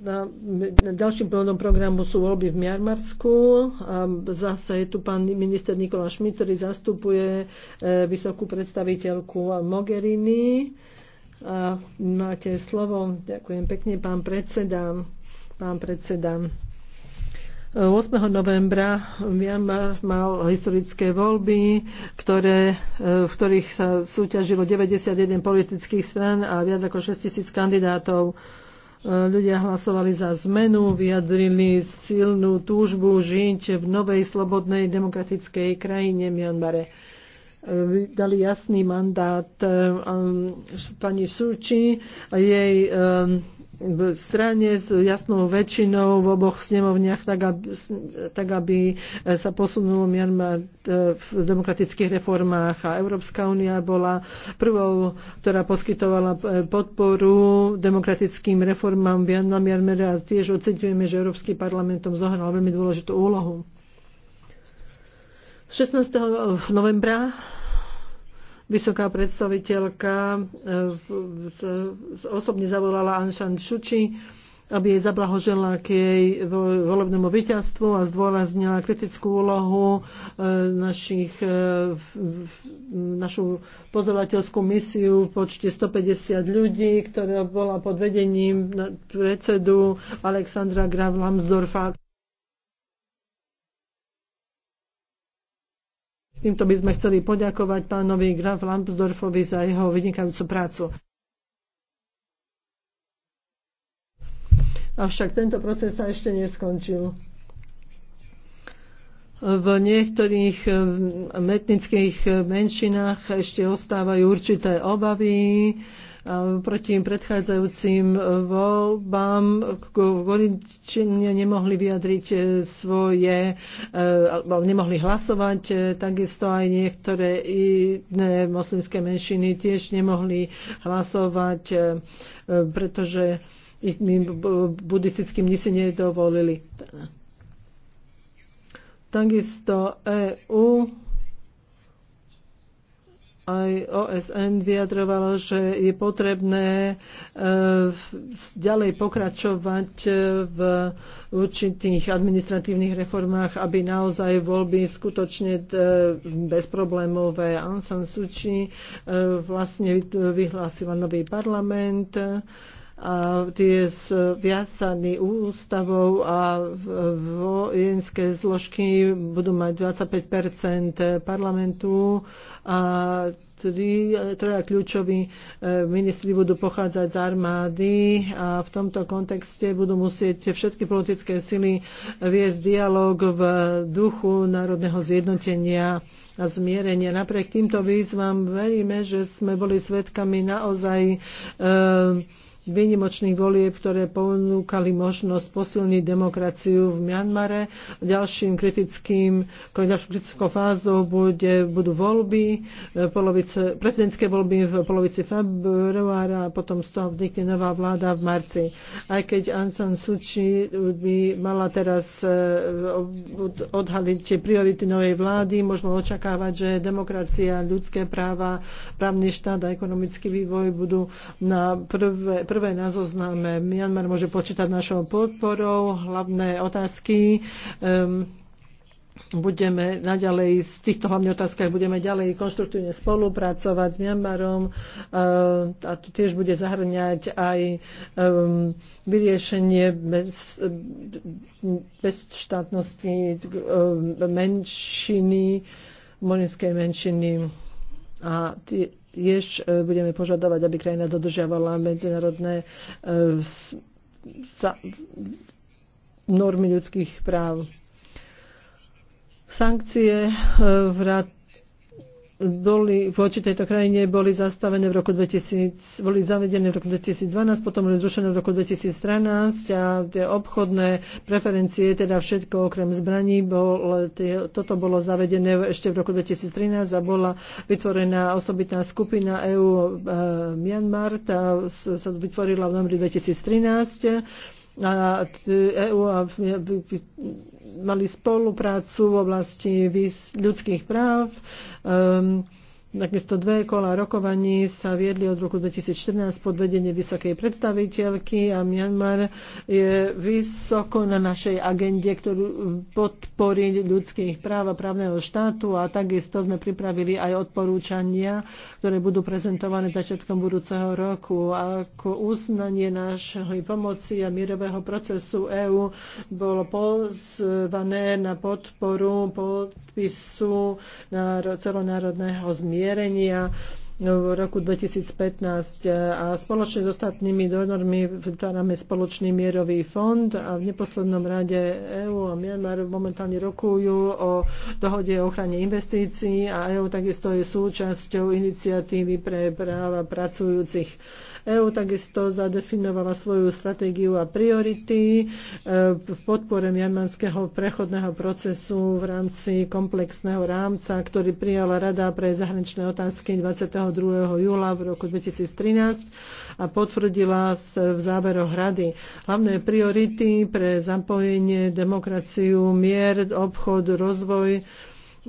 Na Ďalším plnom programu sú voľby v Miarmarsku. Zase je tu pán minister Nikola Šmit, ktorý zastupuje e, vysokú predstaviteľku Mogherini. A máte slovo. Ďakujem pekne, pán predseda. Pán predseda. 8. novembra Myanmar mal historické voľby, ktoré, e, v ktorých sa súťažilo 91 politických stran a viac ako 6 tisíc kandidátov ľudia hlasovali za zmenu, vyjadrili silnú túžbu žiť v novej slobodnej demokratickej krajine Mianmare. Dali jasný mandát um, pani Suči a jej um, strane s jasnou väčšinou v oboch snemovniach, tak aby, tak aby sa posunul Myanmar e, v demokratických reformách. A Európska únia bola prvou, ktorá poskytovala e, podporu demokratickým reformám v Myanmare a tiež oceňujeme, že Európsky parlamentom zohral veľmi dôležitú úlohu. 16. novembra Vysoká predstaviteľka e, osobne zavolala Anšan Šuči, aby jej zablahožela k jej volebnému víťazstvu a zdôraznila kritickú úlohu e, našich, e, našu pozorovateľskú misiu v počte 150 ľudí, ktorá bola pod vedením predsedu Alexandra Graf Lambsdorfa. Týmto by sme chceli poďakovať pánovi Graf Lambsdorfovi za jeho vynikajúcu prácu. Avšak tento proces sa ešte neskončil v niektorých etnických menšinách ešte ostávajú určité obavy proti predchádzajúcim voľbám voličania nemohli vyjadriť e, svoje, e, alebo nemohli hlasovať, e, takisto aj niektoré iné moslimské menšiny tiež nemohli hlasovať, pretože ich buddhistickým nisi nedovolili. Takisto EU aj OSN vyjadrovalo, že je potrebné e, ďalej pokračovať e, v určitých administratívnych reformách, aby naozaj voľby skutočne e, bezproblémové. Aung San Suu Kyi vlastne vyhlásila nový parlament a je viazaný ústavou a vojenské zložky budú mať 25 parlamentu a tri, troja kľúčoví e, ministri budú pochádzať z armády a v tomto kontexte budú musieť všetky politické sily viesť dialog v duchu národného zjednotenia a zmierenia. Napriek týmto výzvam veríme, že sme boli svedkami naozaj e, výnimočných volieb, ktoré ponúkali možnosť posilniť demokraciu v Mianmare. Ďalším kritickým, ďalším kritickou fázou bude, budú voľby, e, polovice, prezidentské voľby v polovici februára a potom z toho vznikne nová vláda v marci. Aj keď Ansan Suči by mala teraz e, odhaliť priority novej vlády, môžeme očakávať, že demokracia, ľudské práva, právny štát a ekonomický vývoj budú na prvé, prvé prvé na zozname. Myanmar môže počítať našou podporou. Hlavné otázky um, budeme naďalej v týchto hlavných otázkach budeme ďalej konštruktívne spolupracovať s Mianmarom ehm, a to tiež bude zahrňať aj ehm, vyriešenie bez, bezštátnosti menšiny, morinskej menšiny a tie, tiež e, budeme požadovať, aby krajina dodržiavala medzinárodné e, normy ľudských práv. Sankcie e, vrat boli voči tejto krajine boli zastavené v roku 2000, boli zavedené v roku 2012, potom boli zrušené v roku 2013 a tie obchodné preferencie, teda všetko okrem zbraní, bol, tie, toto bolo zavedené ešte v roku 2013 a bola vytvorená osobitná skupina EU e, Myanmar, tá sa vytvorila v novembri 2013 a EU a mali spoluprácu v oblasti ľudských práv. Um, Takisto dve kola rokovaní sa viedli od roku 2014 pod vedenie vysokej predstaviteľky a Myanmar je vysoko na našej agende, ktorú podporí ľudských práv a právneho štátu a takisto sme pripravili aj odporúčania, ktoré budú prezentované začiatkom budúceho roku. Ako uznanie nášho pomoci a mierového procesu EÚ bolo pozvané na podporu podpisu celonárodného zmieru mierenia no, v roku 2015 e, a spoločne s ostatnými donormi vytvárame spoločný mierový fond a v neposlednom rade EÚ a Myanmar momentálne rokujú o dohode o ochrane investícií a EÚ takisto je súčasťou iniciatívy pre práva pracujúcich. EÚ takisto zadefinovala svoju stratégiu a priority e, v podpore jamanského prechodného procesu v rámci komplexného rámca, ktorý prijala Rada pre zahraničné otázky 22. júla v roku 2013 a potvrdila v záberoch Rady. Hlavné priority pre zapojenie, demokraciu, mier, obchod, rozvoj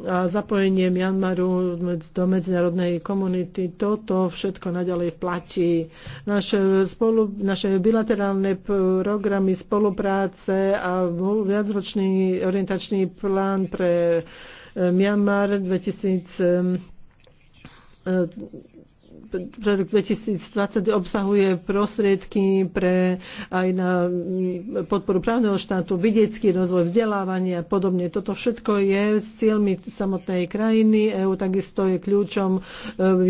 a zapojenie Mianmaru do medzinárodnej komunity. Toto všetko naďalej platí. Naše, spolu, naše bilaterálne programy spolupráce a viacročný orientačný plán pre e, Myanmar 2000 pre rok 2020 obsahuje prostriedky pre aj na mm, podporu právneho štátu, vidiecký rozvoj, vzdelávanie a podobne. Toto všetko je s cieľmi samotnej krajiny. EU takisto je kľúčom e,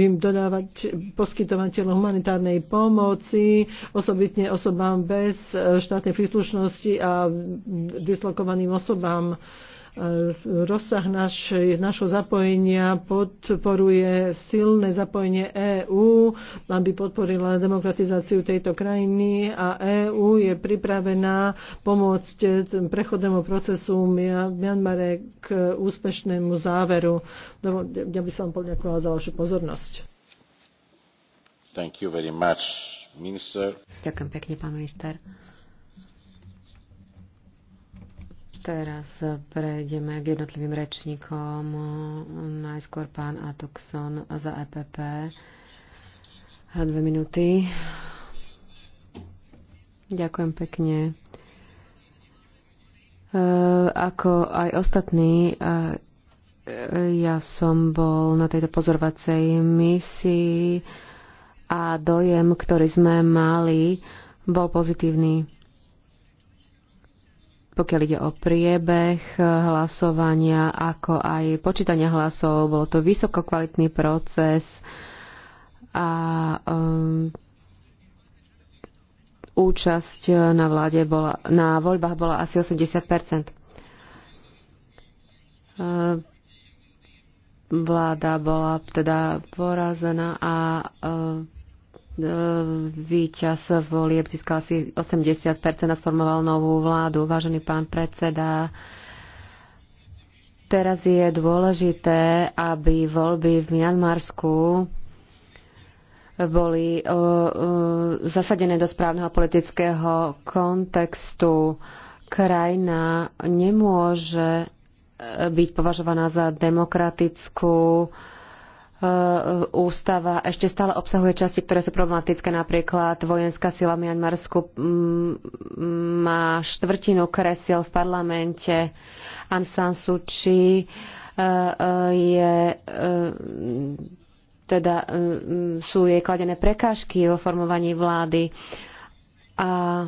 im dodávať poskytovateľom humanitárnej pomoci, osobitne osobám bez e, štátnej príslušnosti a dislokovaným osobám. Rozsah naš, našho zapojenia podporuje silné zapojenie EÚ, aby podporila demokratizáciu tejto krajiny a EÚ je pripravená pomôcť prechodnému procesu v Mianmare k úspešnému záveru. Ja by som poďakovala za vašu pozornosť. Thank you very much, minister. Ďakujem pekne, pán minister. Teraz prejdeme k jednotlivým rečníkom. Najskôr pán Atokson za EPP. A dve minúty. Ďakujem pekne. E, ako aj ostatní, e, ja som bol na tejto pozorovacej misii a dojem, ktorý sme mali, bol pozitívny pokiaľ ide o priebeh eh, hlasovania, ako aj počítania hlasov. Bolo to vysokokvalitný proces a um, účasť na, vláde bola, na voľbách bola asi 80 eh, Vláda bola teda porazená a um, Ehm, Výťaz volieb získal si 80% a sformoval novú vládu. Vážený pán predseda, teraz je dôležité, aby voľby v Mianmarsku boli eh, eh, zasadené do správneho politického kontextu. Krajina nemôže eh, byť považovaná za demokratickú Eh, ústava ešte stále obsahuje časti, ktoré sú problematické. Napríklad vojenská sila v Mianmarsku mm, má štvrtinu kresiel v parlamente. Aung San Suu Kyi eh, eh, je teda mm, sú jej kladené prekážky vo formovaní vlády a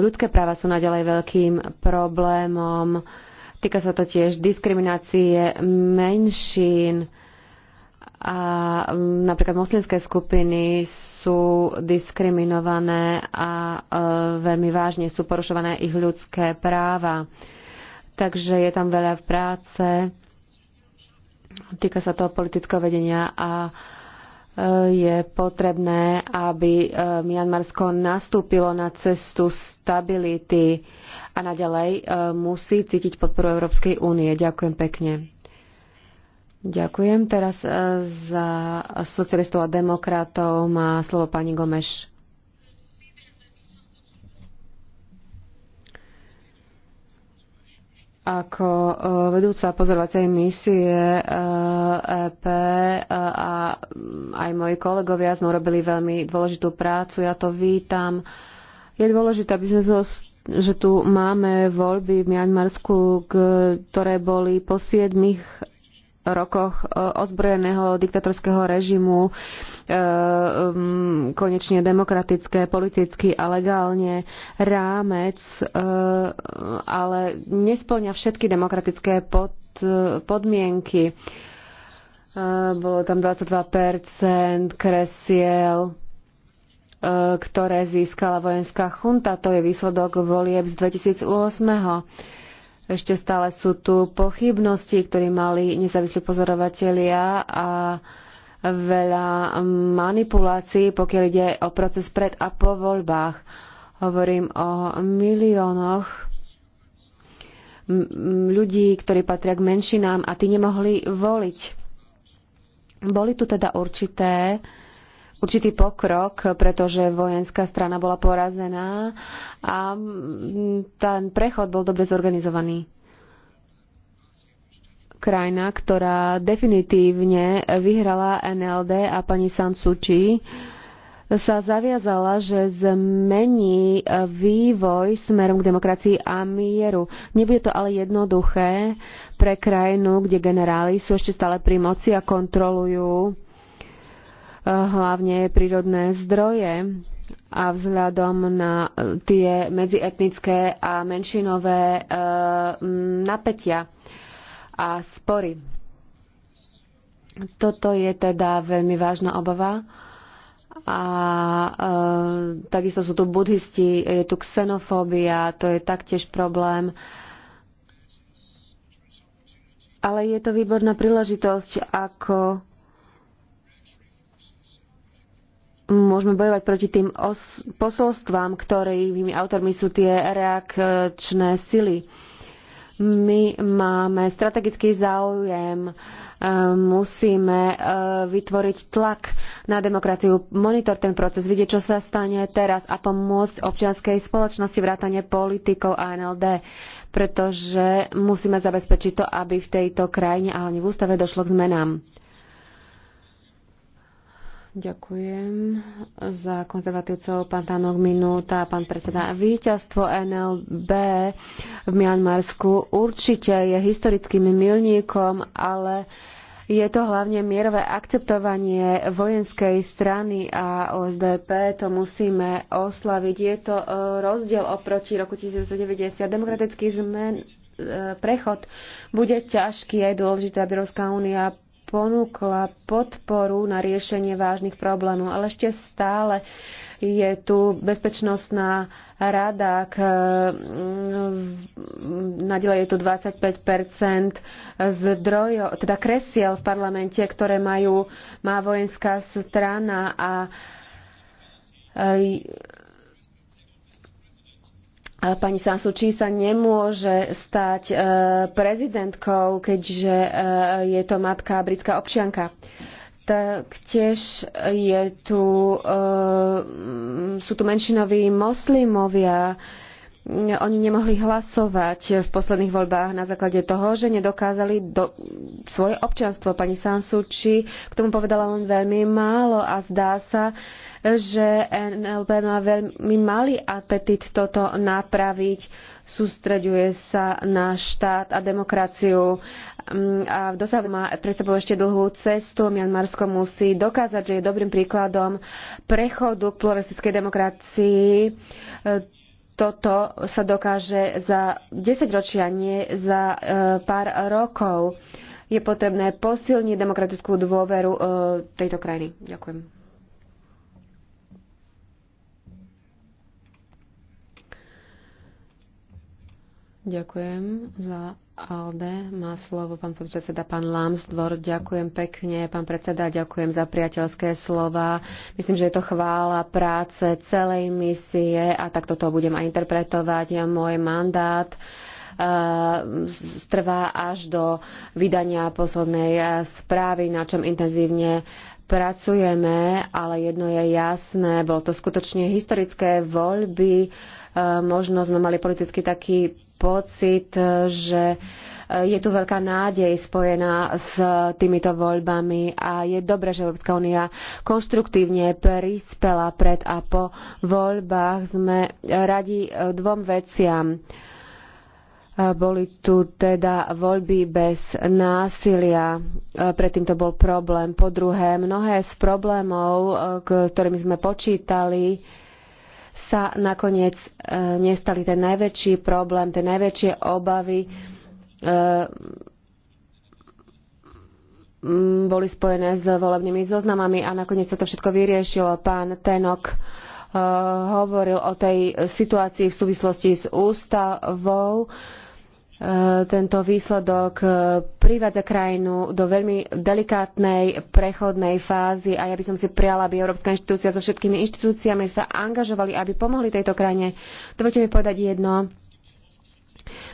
ľudské práva sú naďalej veľkým problémom. Týka sa to tiež diskriminácie menšín, a napríklad moslimské skupiny sú diskriminované a e, veľmi vážne sú porušované ich ľudské práva. Takže je tam veľa práce. Týka sa toho politického vedenia a e, je potrebné, aby e, Mianmarsko nastúpilo na cestu stability a naďalej musí cítiť podporu Európskej únie. Ďakujem pekne. Ďakujem. Teraz e, za socialistov a demokratov má slovo pani Gomeš. Ako e, vedúca pozorovacej misie EP e a aj moji kolegovia sme urobili veľmi dôležitú prácu, ja to vítam. Je dôležité, aby sme zostali že tu máme voľby v Mianmarsku, ktoré boli po 7 rokoch e, ozbrojeného diktatorského režimu e, konečne demokratické, politicky a legálne rámec, e, ale nesplňa všetky demokratické pod, podmienky. Bolo tam 22% kresiel, ktoré získala vojenská chunta. To je výsledok volieb z 2008 ešte stále sú tu pochybnosti, ktoré mali nezávislí pozorovatelia a veľa manipulácií, pokiaľ ide o proces pred a po voľbách. Hovorím o miliónoch ľudí, ktorí patria k menšinám a tí nemohli voliť. Boli tu teda určité uh, určitý pokrok, pretože vojenská strana bola porazená a mm, ten prechod bol dobre zorganizovaný. Krajina, ktorá definitívne vyhrala NLD a pani San Suu Kyi, sa zaviazala, že zmení e, vývoj smerom k demokracii a mieru. Nebude to ale jednoduché pre krajinu, kde generáli sú ešte stále pri moci a kontrolujú hlavne prírodné zdroje a vzhľadom na e, tie medzietnické a menšinové e, napätia a spory. Toto je teda veľmi vážna obava. A e, takisto sú tu budhisti, je tu xenofóbia, to je taktiež problém. Ale je to výborná príležitosť, ako môžeme bojovať proti tým os- posolstvám, ktorými autormi sú tie reakčné sily. My máme strategický záujem, e, musíme e, vytvoriť tlak na demokraciu, monitor ten proces, vidieť, čo sa stane teraz a pomôcť občianskej spoločnosti vrátane politikov a NLD, pretože musíme zabezpečiť to, aby v tejto krajine, ale ani v ústave, došlo k zmenám. Ďakujem za konzervatívcov. Pán Tánok, minúta. Pán predseda, víťazstvo NLB v Mianmarsku určite je historickým milníkom, ale je to hlavne mierové akceptovanie vojenskej strany a OSDP. To musíme oslaviť. Je to e, rozdiel oproti roku 1990. Demokratický zmen, e, prechod bude ťažký. Je dôležité, aby Európska únia ponúkla podporu na riešenie vážnych problémov, ale ešte stále je tu bezpečnostná rada, k, e, mm, nadalej je tu 25 zdrojov, teda kresiel v parlamente, ktoré majú, má vojenská strana a e, pani Sansučí sa nemôže stať e, prezidentkou, keďže e, je to matka britská občianka. Taktiež je tu, e, sú tu menšinoví moslimovia, oni nemohli hlasovať v posledných voľbách na základe toho, že nedokázali do, svoje občanstvo. Pani Sansuči k tomu povedala len veľmi málo a zdá sa, že NLB má veľmi malý apetit toto napraviť, sústreďuje sa na štát a demokraciu mm, a dosahu má pred sebou ešte dlhú cestu. Mianmarsko musí dokázať, že je dobrým príkladom prechodu k pluralistickej demokracii. Toto sa dokáže za 10 ročia, nie za e, pár rokov. Je potrebné posilniť demokratickú dôveru e, tejto krajiny. Ďakujem. Ďakujem za Alde. Má slovo pán podpredseda, pán Lamsdvor. Ďakujem pekne, pán predseda, ďakujem za priateľské slova. Myslím, že je to chvála práce celej misie a takto to budem aj interpretovať. Môj mandát eh, trvá až do vydania poslednej eh, správy, na čom intenzívne pracujeme, ale jedno je jasné, bolo to skutočne historické voľby, eh, možno sme mali politicky taký pocit, že eh, je tu veľká nádej spojená s týmito voľbami a je dobré, že Európska únia konštruktívne prispela pred a po voľbách. Sme eh, radi eh, dvom veciam. Boli tu teda voľby bez násilia, predtým to bol problém. Po druhé, mnohé z problémov, ktorými sme počítali, sa nakoniec e, nestali ten najväčší problém, tie najväčšie obavy e, boli spojené s volebnými zoznamami a nakoniec sa to všetko vyriešilo. Pán Tenok e, hovoril o tej situácii v súvislosti s ústavou. E, E, tento výsledok e, privádza krajinu do veľmi delikátnej prechodnej fázy a ja by som si priala, aby Európska inštitúcia so všetkými inštitúciami sa angažovali, aby pomohli tejto krajine. Dovolte mi povedať jedno.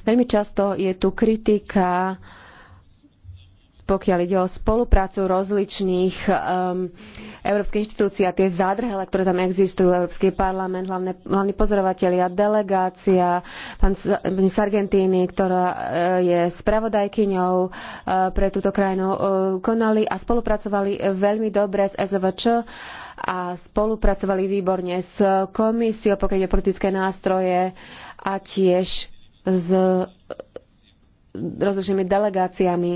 Veľmi často je tu kritika uh, pokiaľ ide o spoluprácu rozličných um, európskych inštitúcií a tie zádrhele, ktoré tam existujú, Európsky parlament, hlavne, hlavní pozorovatelia, delegácia, pán, pani Sargentini, ktorá e, je spravodajkyňou uh, pre túto krajinu, uh, konali a spolupracovali veľmi dobre s SVČ a spolupracovali výborne s komisiou, pokiaľ ide politické nástroje a tiež s rozličnými delegáciami.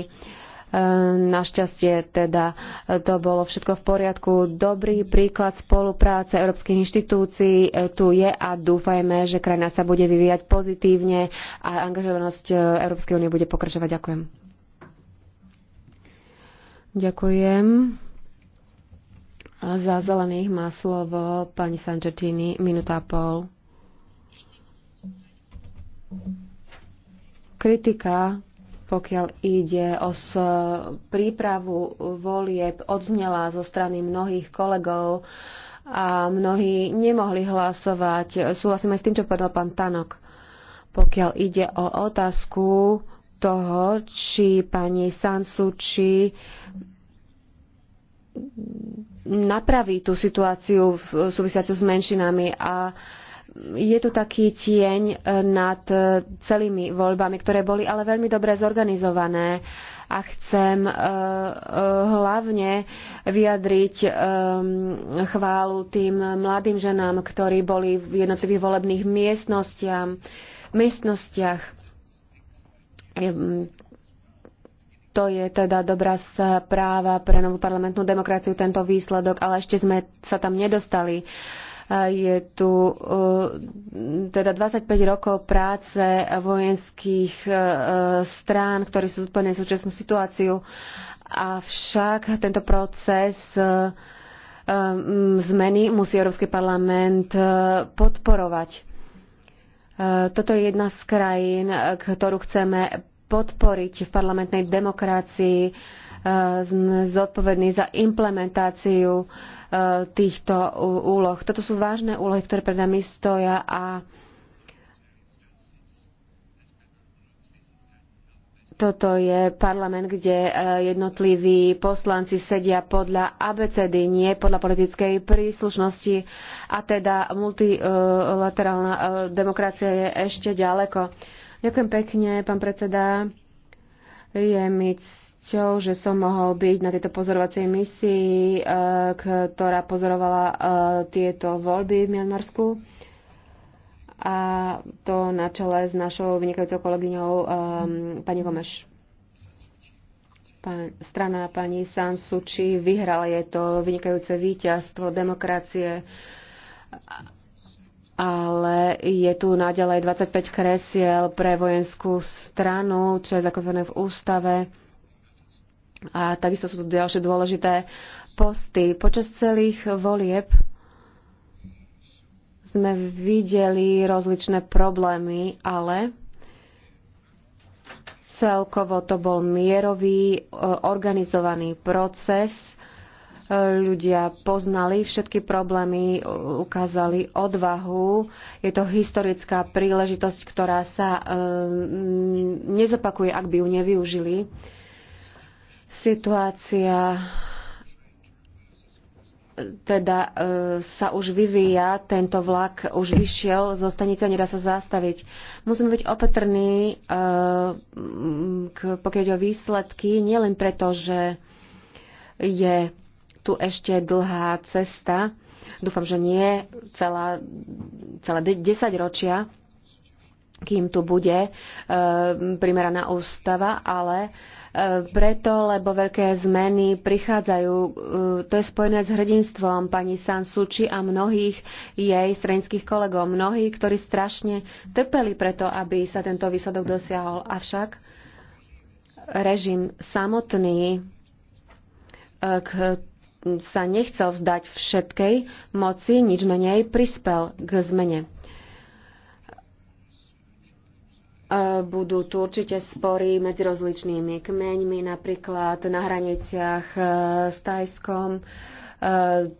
E, našťastie teda e, to bolo všetko v poriadku. Dobrý príklad spolupráce európskych inštitúcií e, tu je a dúfajme, že krajina sa bude vyvíjať pozitívne a angažovanosť Európskej únie bude pokračovať. Ďakujem. Ďakujem. Za zelených má slovo pani Sančetini, minúta a pol. Kritika pokiaľ ide o e, prípravu volieb, odznela zo strany mnohých kolegov a mnohí nemohli hlasovať. Súhlasím aj s tým, čo povedal pán Tanok. Pokiaľ ide o otázku toho, či pani Sansuči napraví tú situáciu v súvisiacu s menšinami a je tu taký tieň eh, nad eh, celými voľbami, ktoré boli ale veľmi dobre zorganizované a chcem eh, hlavne vyjadriť chválu tým mladým ženám, ktorí boli v jednotlivých volebných miestnostiach. Mm, to je teda dobrá správa pre novú parlamentnú demokraciu, tento výsledok, ale ešte sme sa tam nedostali. Uh, je tu eh, teda 25 rokov práce vojenských eh, strán, ktorí sú zodpovedné súčasnú situáciu. Avšak tento proces eh, mm, zmeny musí Európsky parlament podporovať. Toto je jedna z krajín, ktorú chceme podporiť v parlamentnej demokracii Eh, sme zodpovední za implementáciu eh, týchto úloh. Toto sú vážne úlohy, ktoré pred nami stoja a toto je parlament, kde eh, jednotliví poslanci sedia podľa ABCD, nie podľa politickej príslušnosti a teda multilaterálna demokracia je ešte ďaleko. Ďakujem pekne, pán predseda. Je mi radosťou, že som mohol byť na tejto pozorovacej misii, eh, ktorá pozorovala eh, tieto voľby v Mianmarsku a to na čele s našou vynikajúcou kolegyňou um, pani Gomeš. Pán, strana pani San Suu Kyi vyhrala je to vynikajúce víťazstvo demokracie, ale je tu naďalej 25 kresiel pre vojenskú stranu, čo je zakotvené v ústave a takisto sú tu ďalšie dôležité posty. Počas celých volieb sme videli rozličné problémy, ale celkovo to bol mierový, e, organizovaný proces. E, ľudia poznali všetky problémy, e, ukázali odvahu. Je to historická príležitosť, ktorá sa nezopakuje, ak by ju nevyužili. Situácia teda e, sa už vyvíja, tento vlak už vyšiel zo stanice, nedá sa zastaviť. Musíme byť opatrní, e, k, pokiaľ ide o výsledky, nielen preto, že je tu ešte dlhá cesta, dúfam, že nie celá, celé 10 ročia, kým tu bude e, primeraná ústava, ale e, preto, lebo veľké zmeny prichádzajú. E, to je spojené s hrdinstvom pani San Suči a mnohých jej stranických kolegov. Mnohí, ktorí strašne trpeli preto, aby sa tento výsledok dosiahol. Avšak režim samotný e, k sa nechcel vzdať všetkej moci, nič menej prispel k zmene. E, budú tu určite spory medzi rozličnými kmeňmi, napríklad na hraniciach e, s Tajskom. E,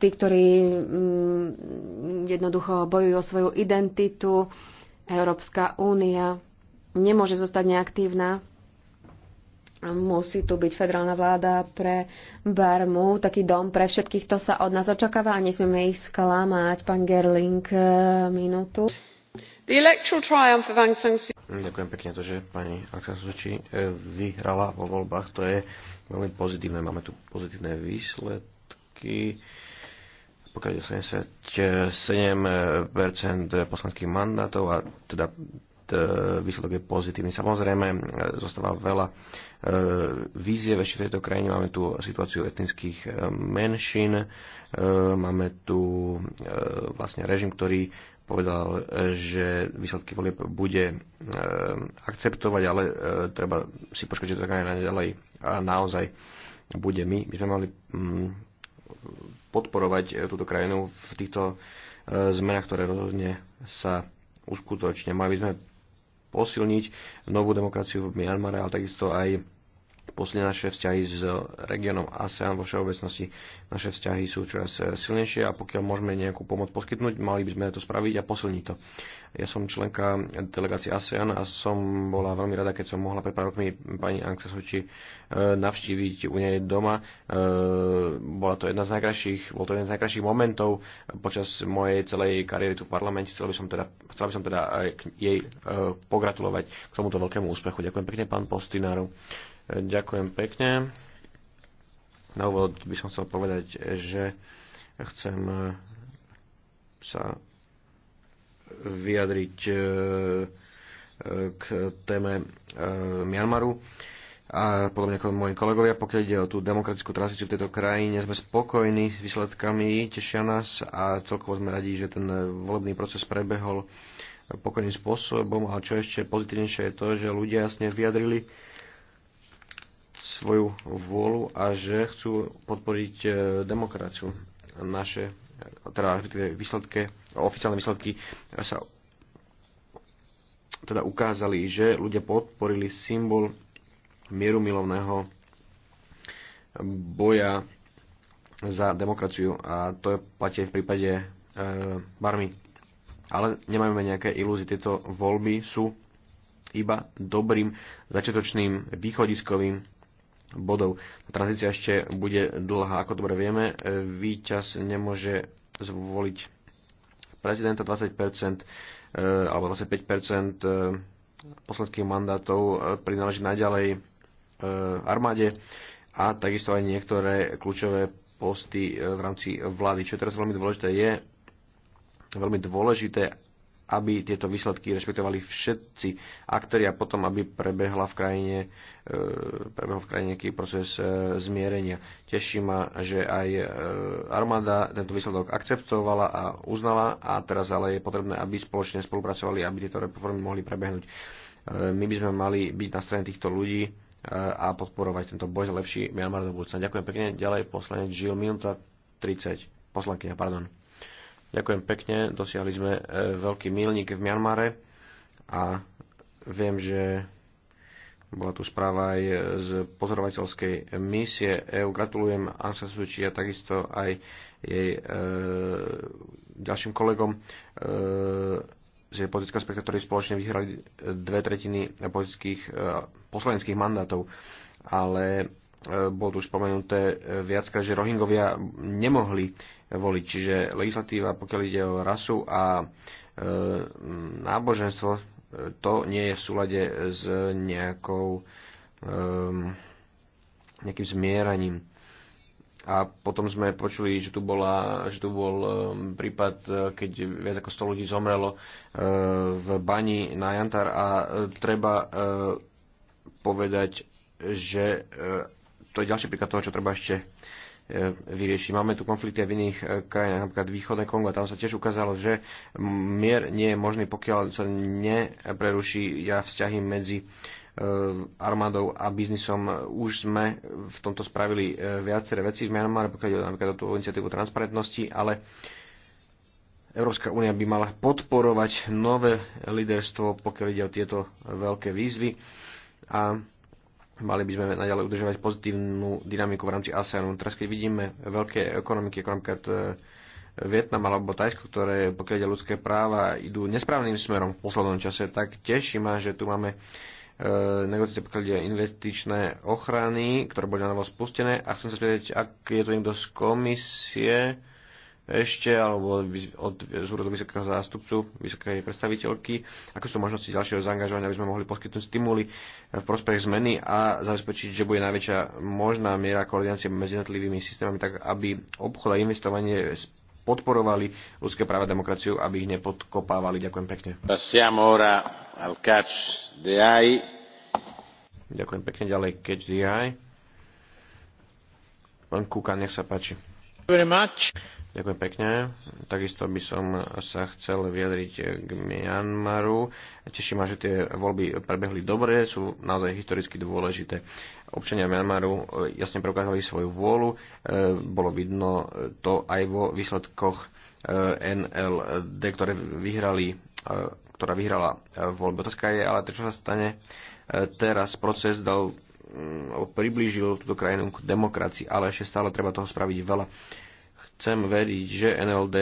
tí, ktorí mm, jednoducho bojujú o svoju identitu, Európska únia nemôže zostať neaktívna. Musí tu byť federálna vláda pre Barmu, taký dom pre všetkých, to sa od nás očakáva a nesmieme ich sklamať. Pán Gerling, minútu. The electoral triumph of Aung San Suu Ďakujem pekne to, že pani Aksa Suči e, vyhrala vo voľbách. To je veľmi pozitívne. Máme tu pozitívne výsledky. Pokiaľ je 77% e, poslanských mandátov a teda výsledok je pozitívny. Samozrejme, e, zostáva veľa vízie ešte v tejto krajine. Máme tu situáciu etnických menšín, máme tu vlastne režim, ktorý povedal, že výsledky volieb bude e, akceptovať, ale e, treba si počkať, že to tak aj naďalej a naozaj bude my. My sme mali mm, podporovať e, túto krajinu v týchto zmenách, ktoré rozhodne sa uskutočne. Mali by sme posilniť novú demokraciu v Mianmare, ale takisto aj Posledne naše vzťahy s regiónom ASEAN vo všeobecnosti. Naše vzťahy sú čoraz silnejšie a pokiaľ môžeme nejakú pomoc poskytnúť, mali by sme to spraviť a posilniť to. Ja som členka delegácie ASEAN a som bola veľmi rada, keď som mohla pre pár rokmi pani Aung Soči e, navštíviť u nej doma. E, bola to jedna z najkrajších, bol to jeden z najkrajších momentov počas mojej celej kariéry tu v parlamente. Chcel by som teda, chcel by som teda jej e, pogratulovať k tomuto veľkému úspechu. Ďakujem pekne, pán Postinárov. Ďakujem pekne. Na úvod by som chcel povedať, že chcem eh, sa vyjadriť eh, k téme eh, Mianmaru. A podľa mňa ako moji kolegovia, pokiaľ ide o tú demokratickú tranzíciu v tejto krajine, sme spokojní s výsledkami, tešia nás a celkovo sme radi, že ten volebný proces prebehol pokojným spôsobom. A čo ešte pozitívnejšie je to, že ľudia jasne vyjadrili svoju vôľu a že chcú podporiť e, demokraciu. Naše, teda výsledky, oficiálne výsledky sa teda ukázali, že ľudia podporili symbol mierumilovného boja za demokraciu a to je platí v prípade e, Barmy. Ale nemajme nejaké ilúzie, tieto voľby sú iba dobrým začiatočným východiskovým bodov. Tá tranzícia ešte bude dlhá. Ako dobre vieme, Výťaz nemôže zvoliť prezidenta 20% eh, alebo 25% eh, poslanských mandátov eh, prináleží naďalej armáde a takisto aj niektoré kľúčové posty v rámci vlády. Čo je teraz veľmi dôležité je, veľmi dôležité, aby tieto výsledky rešpektovali všetci aktéri a potom, aby prebehla v krajine, e, prebehol v krajine nejaký proces e, zmierenia. Teší ma, že aj e, armáda tento výsledok akceptovala a uznala a teraz ale je potrebné, aby spoločne spolupracovali, aby tieto reformy mohli prebehnúť. My by sme mali byť na strane týchto ľudí a podporovať tento boj za lepší Myanmar do budúcna. Ďakujem pekne. Ďalej poslanec Žil, minúta 30. Poslankyňa, pardon. Ďakujem pekne, dosiahli sme e, veľký milník v Mianmare a viem, že bola tu správa aj z pozorovateľskej misie EU. Gratulujem Ansa Suči a takisto aj jej e, ďalším kolegom e, z jej politického spektra, ktorí spoločne vyhrali e, dve tretiny politických e, poslaneckých mandátov. Ale e, bolo tu už spomenuté e, viackrát, že Rohingovia nemohli voliť. Čiže legislatíva, pokiaľ ide o rasu a e, náboženstvo, e, to nie je v súlade s nejakou, e, nejakým zmieraním. A potom sme počuli, že tu, bola, že tu bol e, prípad, e, keď viac ako 100 ľudí zomrelo e, v bani na Jantar a e, treba e, povedať, že e, to je ďalší príklad toho, čo treba ešte E, vyrieši. Máme tu konflikty aj v iných e, krajinách, napríklad východné Kongo, tam sa tiež ukázalo, že mier nie je možný, pokiaľ sa nepreruší ja vzťahy medzi e, armádou a biznisom. Už sme v tomto spravili viaceré veci v Myanmar, pokiaľ ide napríklad o tú iniciatívu transparentnosti, ale Európska únia by mala podporovať nové liderstvo, pokiaľ ide o tieto veľké výzvy. A mali by sme naďalej udržovať pozitívnu dynamiku v rámci ASEANu. Teraz keď vidíme veľké ekonomiky, ako napríklad e, Vietnam alebo Tajsko, ktoré pokiaľ ide ľudské práva, idú nesprávnym smerom v poslednom čase, tak teší ma, že tu máme e, negociácie pokiaľ ide investičné ochrany, ktoré boli na novo spustené a chcem sa spýtať, ak je to niekto z komisie, ešte, alebo od, z úradu vysokého zástupcu, vysokej predstaviteľky, ako sú možnosti ďalšieho zaangažovania, aby sme mohli poskytnúť stimuly e, v prospech zmeny a zabezpečiť, že bude najväčšia možná miera koordinácie medzi jednotlivými systémami, tak aby obchod a investovanie podporovali ľudské práva a demokraciu, aby ich nepodkopávali. Ďakujem pekne. Ďakujem pekne ďalej, catch the eye. Pán Kuka, nech sa páči. Ďakujem pekne. Takisto by som sa chcel vyjadriť k Myanmaru. Teším ma, že tie voľby prebehli dobre, sú naozaj historicky dôležité. Občania Myanmaru e, jasne preukázali svoju vôľu, e, bolo vidno to aj vo výsledkoch e, NLD, ktoré vyhrali, ktorá vyhrala voľby. Otázka je ale, to, čo sa stane teraz. Proces dal Mm, alebo priblížil túto krajinu k demokracii, ale ešte stále treba toho spraviť veľa. Chcem veriť, že NLD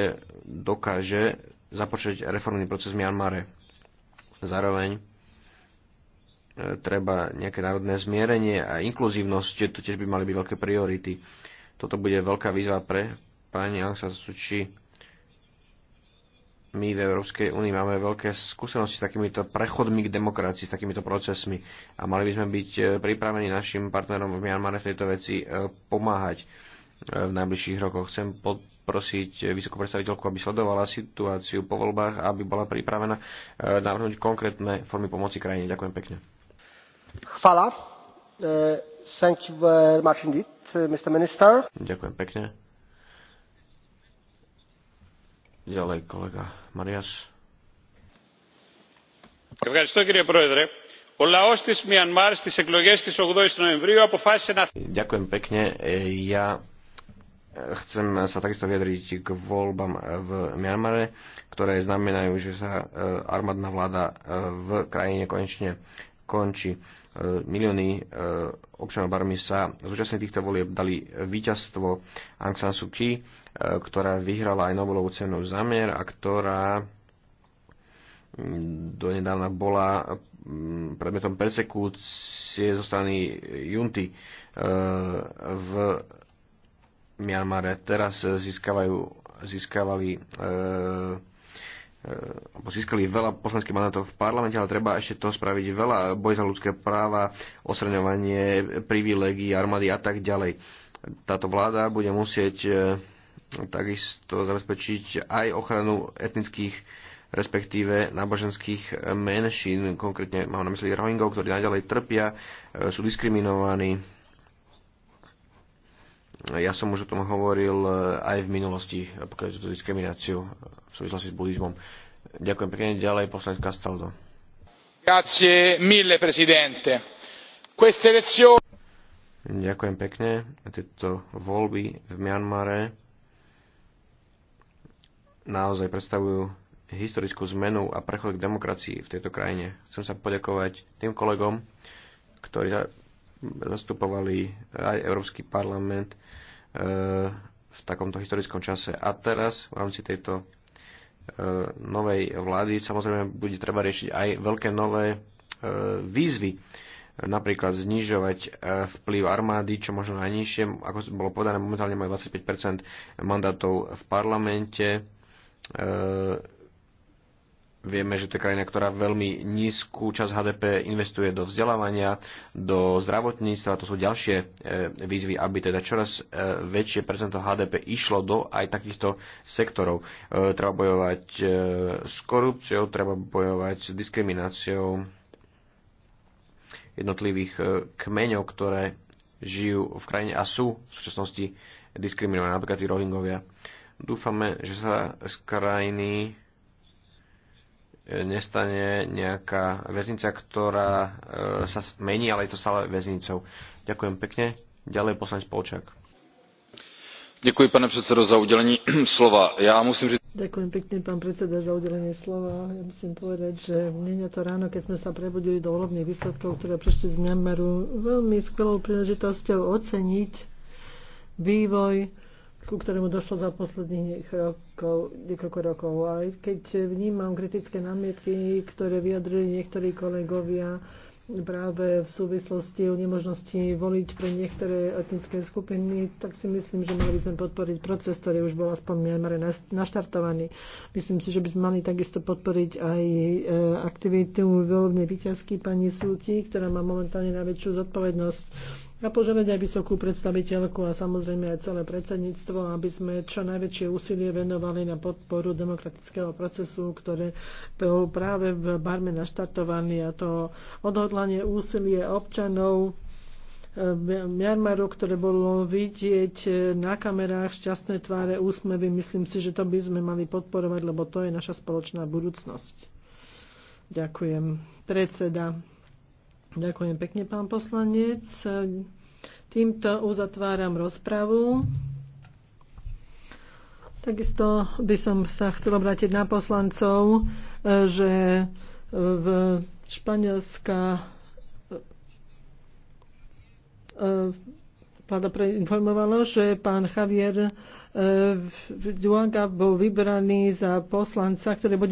dokáže započať reformný proces v Mianmare. Zároveň e, treba nejaké národné zmierenie a inkluzívnosť, to tiež by mali byť veľké priority. Toto bude veľká výzva pre pani Aung San Suu Kyi my v Európskej únii máme veľké skúsenosti s takýmito prechodmi k demokracii, s takýmito procesmi a mali by sme byť e, pripravení našim partnerom v Mianmare v tejto veci e, pomáhať e, v najbližších rokoch. Chcem poprosiť vysokú predstaviteľku, aby sledovala situáciu po voľbách a aby bola pripravená navrhnúť konkrétne formy pomoci krajine. Ďakujem pekne. Chvala. Thank you very much indeed, Mr. Minister. Ďakujem pekne Ďalej kolega Marias. Ďakujem pekne. Ja chcem sa takisto vyjadriť k voľbám v Mianmare, ktoré znamenajú, že sa e, armádna vláda e, v krajine konečne končí. E, milióny e, občanov Barmy sa zúčastní týchto volieb dali víťazstvo Aung San Suu Kyi, e, ktorá vyhrala aj Nobelovú cenu za mier a ktorá mm, donedávna bola mm, predmetom persekúcie zo strany junty v Mianmare. Teraz získavajú, získavali Eh, alebo získali veľa poslaneckých mandátov v parlamente, ale treba ešte to spraviť veľa. Boj za ľudské práva, osreňovanie, privilegií, armády a tak ďalej. Táto vláda bude musieť eh, takisto zabezpečiť aj ochranu etnických respektíve náboženských eh, menšín, konkrétne mám na mysli Rohingov, ktorí naďalej trpia, sú diskriminovaní ja som už o tom hovoril e, aj v minulosti, pokiaľ je to diskrimináciu e, v súvislosti s budizmom. Ďakujem pekne. Ďalej poslanec Castaldo. Grazie mille, presidente. Queste Ďakujem pekne. Tieto voľby v Mianmare naozaj predstavujú historickú zmenu a prechod k demokracii v tejto krajine. Chcem sa poďakovať tým kolegom, ktorí zastupovali aj Európsky parlament e, v takomto historickom čase. A teraz v rámci tejto e, novej vlády samozrejme bude treba riešiť aj veľké nové e, výzvy. Napríklad znižovať vplyv armády, čo možno najnižšie, ako bolo povedané, momentálne majú 25 mandátov v parlamente Vieme, že to je krajina, ktorá veľmi nízku časť HDP investuje do vzdelávania, do zdravotníctva. To sú ďalšie e, výzvy, aby teda čoraz e, väčšie percento HDP išlo do aj takýchto sektorov. E, treba bojovať s korupciou, treba bojovať s diskrimináciou jednotlivých kmeňov, ktoré žijú v krajine a sú v súčasnosti diskriminované, napríklad tí Rohingovia. Dúfame, že sa z krajiny nestane nejaká väznica, ktorá e, sa mení, ale je to stále väznicou. Ďakujem pekne. Ďalej poslanec Polčák. Ďakujem, pane predsedo, za udelenie slova. Ja musím říct... Ďakujem pekne, pán predseda, za udelenie slova. Ja musím povedať, že mne to ráno, keď sme sa prebudili do volebných výsledkov, ktoré prišli z Mianmaru, veľmi skvelou príležitosťou oceniť vývoj ku ktorému došlo za posledných rokov, niekoľko rokov. Aj keď vnímam kritické námietky, ktoré vyjadrili niektorí kolegovia práve v súvislosti o nemožnosti voliť pre niektoré etnické skupiny, tak si myslím, že mali by sme podporiť proces, ktorý už bol aspoň mierne naštartovaný. Myslím si, že by sme mali takisto podporiť aj e, aktivitu veľovnej výťazky pani Súti, ktorá má momentálne najväčšiu zodpovednosť a požiadať aj vysokú predstaviteľku a samozrejme aj celé predsedníctvo, aby sme čo najväčšie úsilie venovali na podporu demokratického procesu, ktoré bol práve v Barme naštartovaný a to odhodlanie úsilie občanov eh, Miarmaru, ktoré bolo vidieť eh, na kamerách šťastné tváre, úsmevy. Myslím si, že to by sme mali podporovať, lebo to je naša spoločná budúcnosť. Ďakujem. Predseda. Ďakujem pekne, pán poslanec. Týmto uzatváram rozpravu. Takisto by som sa chcel obrátiť na poslancov, že v Španielska eh, vláda preinformovalo, že pán Javier Duanga eh, bol vybraný za poslanca, ktorý bude